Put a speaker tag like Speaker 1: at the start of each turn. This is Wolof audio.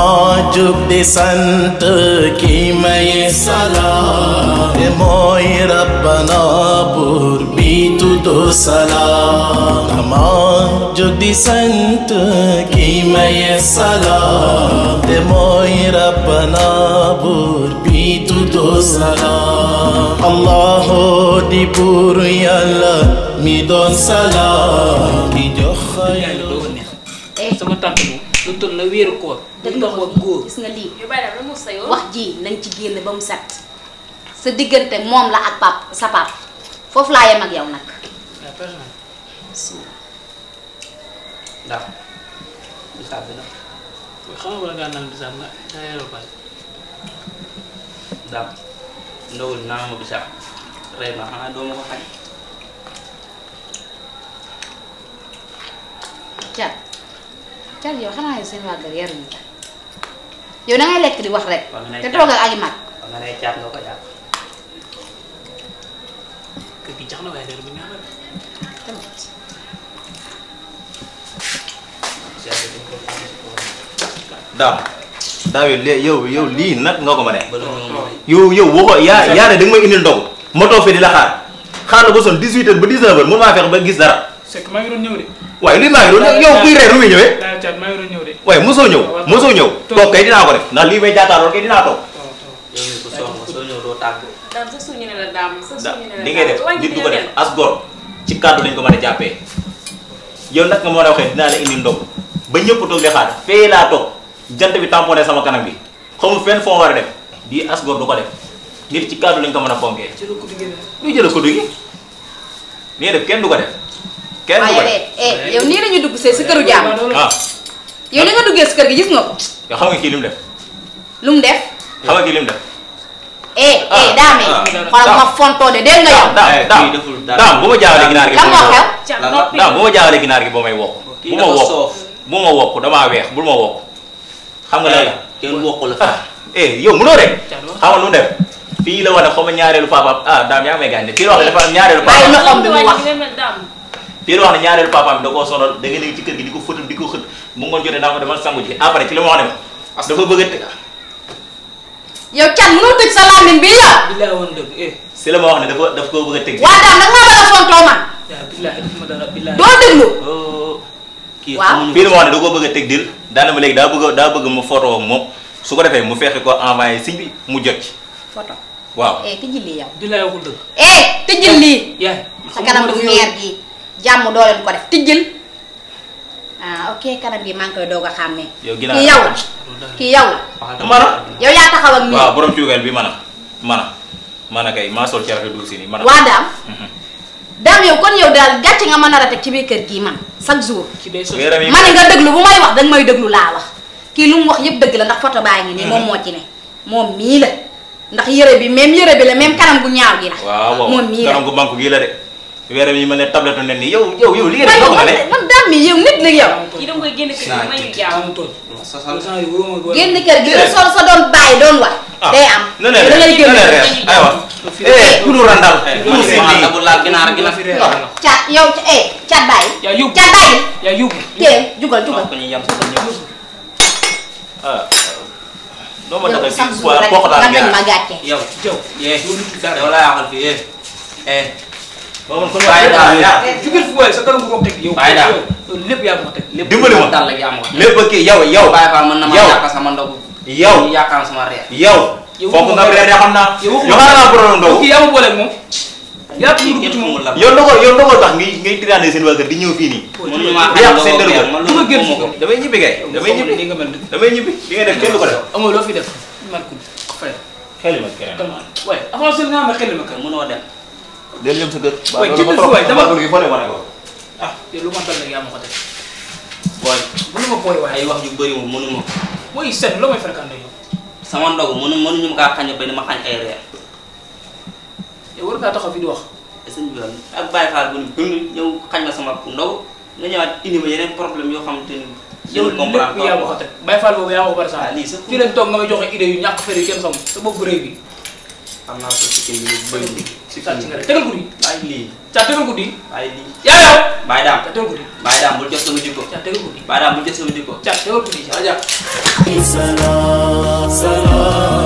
Speaker 1: moo jug di sant ki may salaam te mooy rabbana buur bi tuddu salaam moo jug di sant ki may salaam te mooy rabbana buur bi tuddu salaam allahu di buur yàlla mi doon salaam di jox lu toll na wéeru koor. dëgg nga ko góor wax ji nañ ci génn ba mu set. sa diggante moom la ak pap sa pap foofu laa yem ak nag. ndawul naa ma bisaab rey ma xanaa doo ma ko xañ. cat. Thial yow xanaa yow seen waa kër yaruñu la yow da ngay lekk di wax rek. te toogal ak mag. nga ne caat nga na waaye dara bu yow yow lii nag nga ko ne. yow yow woo yaa yaa ne da nga may indil ndogu ma toog fii la xaar xaar na ko son 18 heures ba 19 heures mun maa fex ba gis dara. c'est que maa ngi doon ñëw de. waaye li maa ngi doon yow kuy reer lu muy ñëwee. waaye mosoo ñëw mosoo ñëw. toog kay dinaa ko def ndax lii may jaataaroon kay dinaa li ngay def du ko def as gor ci kàddu lañ ko man a jàppee yow nag nga mën a waxee dinaa la indi ndox ba ñëpp toog di xaar fee laa toog jant bi tamponné sama kanam bi xamul fenn foo war a def di as gor du ko def nit ci kàddu lañ ko mën a fonkee. jëla kudu gi lu jëla kudu gi li def kenn du ko def kenn du koy eh, yow nii la ñuy dugg see si këru jaam. waaw ah. yow ni nga duggee si gi gis nga ko. yow xam nga kii li mu def. def. xam nga kii li mu def. eh, eh ah. Ah. ma fontoo de dégg nga yow. daam daam daam bu ma jaawalee ginaar gi. moo xew daam bu ma jaawalee ginaar gi boo may wokk. bu ma wokk bu ma wokk damaa weex bul ma wokk. xam nga lan la eh, kenn wokk la fa. eh yow mënoo rek. xam nga lu mu def. fii la wane xaw ma ñaareelu papa ah daam yaa ngi gaañ de fii la wax dafa am ñaareelu papa. ay loxoom kii la wax ne ñaareelu papaam da koo sonal da nga ci kër gi di ko fëtal di ko xët mu ngoon jotee naa demal sangu ji après ci li ma wax ne dafa a yow can bi yow. billaay woon dëgg eh. si ne dafa daf koo bëgg a tëj. Oh. waaw daal nag a kii xamuñu fii la ne da koo bëgg a tëj dil daana léegi daa bëgg daa bëgg ma photo ak moom su ko defee mu fexe ko envoyé siñ bi mu jot ci. photo waaw eh tëjil lii yow. billaay waxul eh, lii. sa kanam du meer jàmm doo leen ko def tijjil ah ok kanam gi maa ngi koy doog a xàmmee. yow yow kii yow. Ah, mana yow yaa taxaw ak nii. bi mana mana mana kay maa sol ci rafet dugg si nii mana. waa daam. Mhm. daam yow kon yow daal gàcce nga mën a rate ci biir kër gii man chaque jour. ci ma ne nga déglu bu may wax danga may déglu laa wax kii lu mu wax yëpp dëgg la ndax photo baa ngi nii moom mhm. moo ci ne moom mii la ndax yëre bi même yëre bi la même kanam gu ñaaw gi la. moom mii la kanam gu manku gii la de. weeram yi ma ne tablette nen nii yow yow yow li ngeen doon ne man daal mi yow nit la yow. kii da nga koy génn kër gi mayu jaaw. génn kër gi la eh. sol sa doon bàyyi doon wax. Ah. day am da ngay génn kër gi aywa. eh kunu randal. kunu si lii bu laal ginaar gi la fi réer. caat yow eh caat bàyyi. yaa yóbbu caat bàyyi. yaa yóbbu tee jugal jugal. ah. doo ma dagal fii wala poxu daal ginaar yow yow. Eh, yow laa yàqal fii eh eh. bàyyi daal yaa jugul fu booy sa kanam ko teg yow bàyyi daal lépp yaa ma teg lépp dimbali ma dal yaa ma lépp a kii yow yow bàyyi faa mën na ma yàq sama ndogu yow yaakaar sama reer yow foofu nga reer xam naa yow xanaa nga borom ndogu kii yaa ma boole ak moom yaa ci ngi mu la yow ndogal yow ndogal tax ngay ngay tiraane seen waa kër di ñëw fii nii yàq seen dër ko damay ñibbi kay damay ñibbi li nga mel damay ñibbi li nga def kenn du ko def amoo loo fi def man ko fay xel ma kenn waaye avancé nga ma xel ma kenn mënoo dem léegi yem sa kër. waaw loolu ma trop waaye foo ne ma ne ko. ah yow lu ma dal nag yaa ma ko def. booy mënu ma booy waaye ay wax yu bëri moom mënu ma. mooy seet loo may fréquenté yow. ma kaa xañ ba ni ma xañ ay reer. yow war ngaa taxaw fi wax. sëñ bi ak bàyyi xaar bu ni gën ñëw xañ ma sama ndogu nga ñëwaat indi ma yeneen problème yoo xamante ni. jël comprendre lépp yaa ma ko teg yaa ma bari ah, sax. lii sa fii leen toog nga may joxe idée yu ñàkk fëri kenn sam sa bopp rëy bi xam naa ko ci kër yi bëri na. ci kër yi tegal guddi. bàyyi lii ca tegal guddi. bàyyi lii yaa yow. ca tegal guddi. bàyyi daam bul jot ca tegal ca tegal guddi.